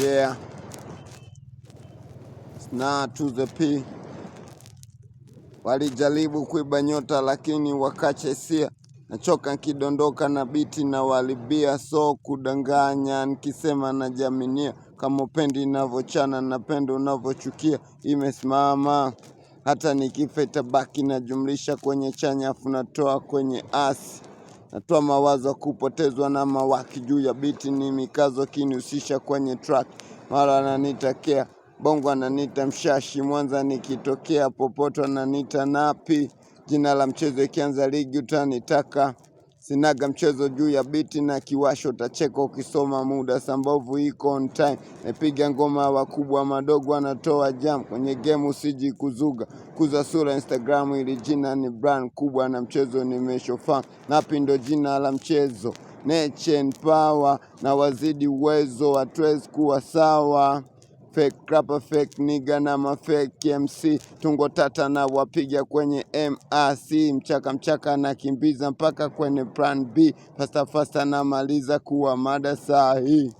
Yeah. Na to the P walijaribu kuiba nyota lakini wakacha nachoka nkidondoka na biti na walibia, so kudanganya nkisema na jaminia, kama upendi navyochana na pendo unavyochukia, imesimama hata nikifa itabaki, najumlisha kwenye chanya afu natoa kwenye asi Natoa mawazo kupotezwa na mawaki juu ya biti ni mikazo kinihusisha kwenye track. Mara ananita kea bongo ananita mshashi Mwanza nikitokea popoto ananita napi. Jina la mchezo ikianza ligi utanitaka. Sinaga mchezo juu ya biti na kiwasho, utacheka ukisoma muda. Sambovu iko on time, napiga ngoma, wakubwa madogo anatoa jam. Kwenye game usiji kuzuga, kuza sura Instagram, ili jina ni brand kubwa na mchezo nimeshofam. Napi ndo jina la mchezo, Nature and Power na wazidi uwezo, hatuwezi kuwa sawa. Fake rapper, fake nigga na mafake MC, tungo tata na wapiga kwenye MRC, mchaka mchaka na kimbiza mpaka kwenye plan B, fasta fasta na maliza kuwa mada sahi.